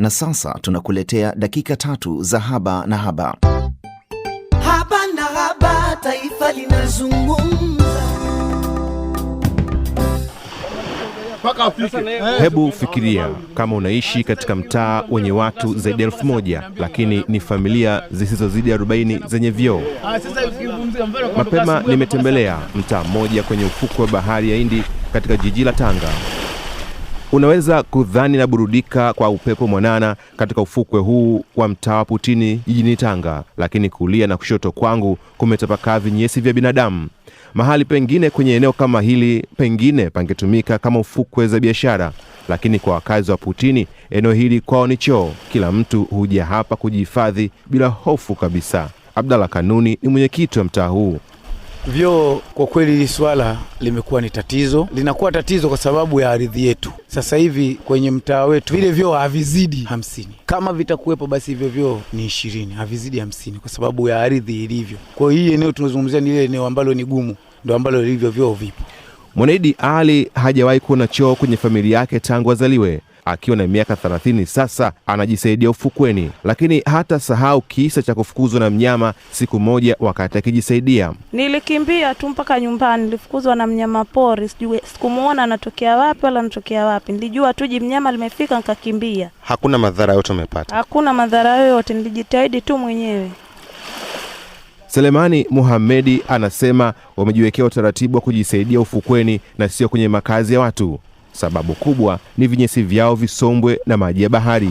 Na sasa tunakuletea dakika tatu za haba na haba. Haba na haba, taifa linazungumza. Hebu fikiria kama unaishi katika mtaa wenye watu zaidi ya elfu moja lakini ni familia zisizozidi arobaini zenye vyoo. Ah, Mapema nimetembelea mtaa mmoja kwenye ufukwe wa bahari ya Hindi katika jiji la Tanga. Unaweza kudhani na burudika kwa upepo mwanana katika ufukwe huu wa mtaa wa Putini jijini Tanga, lakini kulia na kushoto kwangu kumetapakaa vinyesi vya binadamu. Mahali pengine kwenye eneo kama hili pengine pangetumika kama ufukwe za biashara, lakini kwa wakazi wa Putini eneo hili kwao ni choo. Kila mtu huja hapa kujihifadhi bila hofu kabisa. Abdalla Kanuni ni mwenyekiti wa mtaa huu Vyoo kwa kweli, hili swala limekuwa ni tatizo, linakuwa tatizo kwa sababu ya ardhi yetu. Sasa hivi kwenye mtaa wetu vile vyoo havizidi hamsini. Kama vitakuwepo basi hivyo vyoo ni ishirini, havizidi hamsini kwa sababu ya ardhi ilivyo. Kwa hiyo hii eneo tunazungumzia ni ile eneo ambalo ni gumu, ndo ambalo ilivyo vyoo vipo. Mwanaidi Ali hajawahi kuona choo kwenye familia yake tangu azaliwe akiwa na miaka 30 sasa anajisaidia ufukweni, lakini hata sahau kisa cha kufukuzwa na mnyama siku moja wakati akijisaidia. Nilikimbia tu mpaka nyumbani, nilifukuzwa na mnyama pori, sijui sikumuona anatokea wapi wala anatokea wapi. Nilijua tu mnyama limefika nikakimbia. Hakuna madhara yote umepata? Hakuna madhara yoyote, nilijitahidi tu mwenyewe. Selemani Muhamedi anasema wamejiwekea utaratibu wa kujisaidia ufukweni na sio kwenye makazi ya watu. Sababu kubwa ni vinyesi vyao visombwe na maji ya bahari.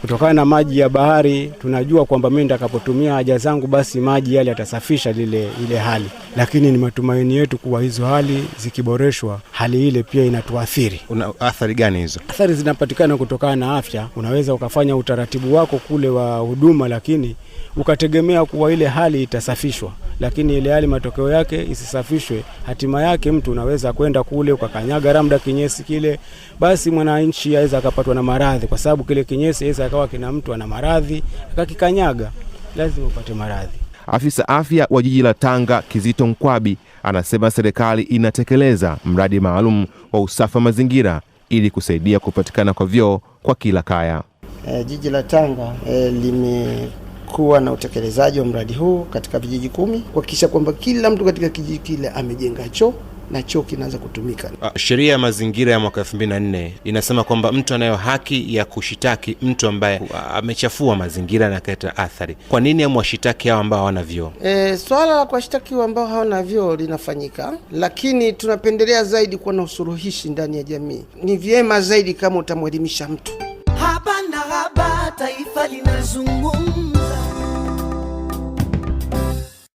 Kutokana na maji ya bahari, tunajua kwamba mimi nitakapotumia haja zangu, basi maji yale yatasafisha lile ile hali, lakini ni matumaini yetu kuwa hizo hali zikiboreshwa, hali ile pia inatuathiri. Una athari gani hizo? Athari zinapatikana kutokana na afya. Unaweza ukafanya utaratibu wako kule wa huduma, lakini ukategemea kuwa ile hali itasafishwa lakini ile hali matokeo yake isisafishwe, hatima yake mtu unaweza kwenda kule ukakanyaga labda kinyesi kile, basi mwananchi aweza akapatwa na maradhi, kwa sababu kile kinyesi aweza akawa kina mtu ana maradhi akakikanyaga, lazima upate maradhi. Afisa afya wa jiji la Tanga Kizito Mkwabi anasema serikali inatekeleza mradi maalum wa usafi wa mazingira ili kusaidia kupatikana kwa vyoo kwa kila kaya. E, jiji la Tanga e, lime kuwa na utekelezaji wa mradi huu katika vijiji kumi kuhakikisha kwamba kila mtu katika kijiji kile amejenga choo na choo kinaanza kutumika. Ah, sheria ya mazingira ya mwaka 2004 inasema kwamba mtu anayo haki ya kushitaki mtu ambaye amechafua mazingira na kuleta athari. Kwa nini amwashitaki hao ambao hawana vyoo? E, swala la kuwashitaki ambao hawana vyoo linafanyika, lakini tunapendelea zaidi kuwa na usuluhishi ndani ya jamii. Ni vyema zaidi kama utamwelimisha mtu haba na haba.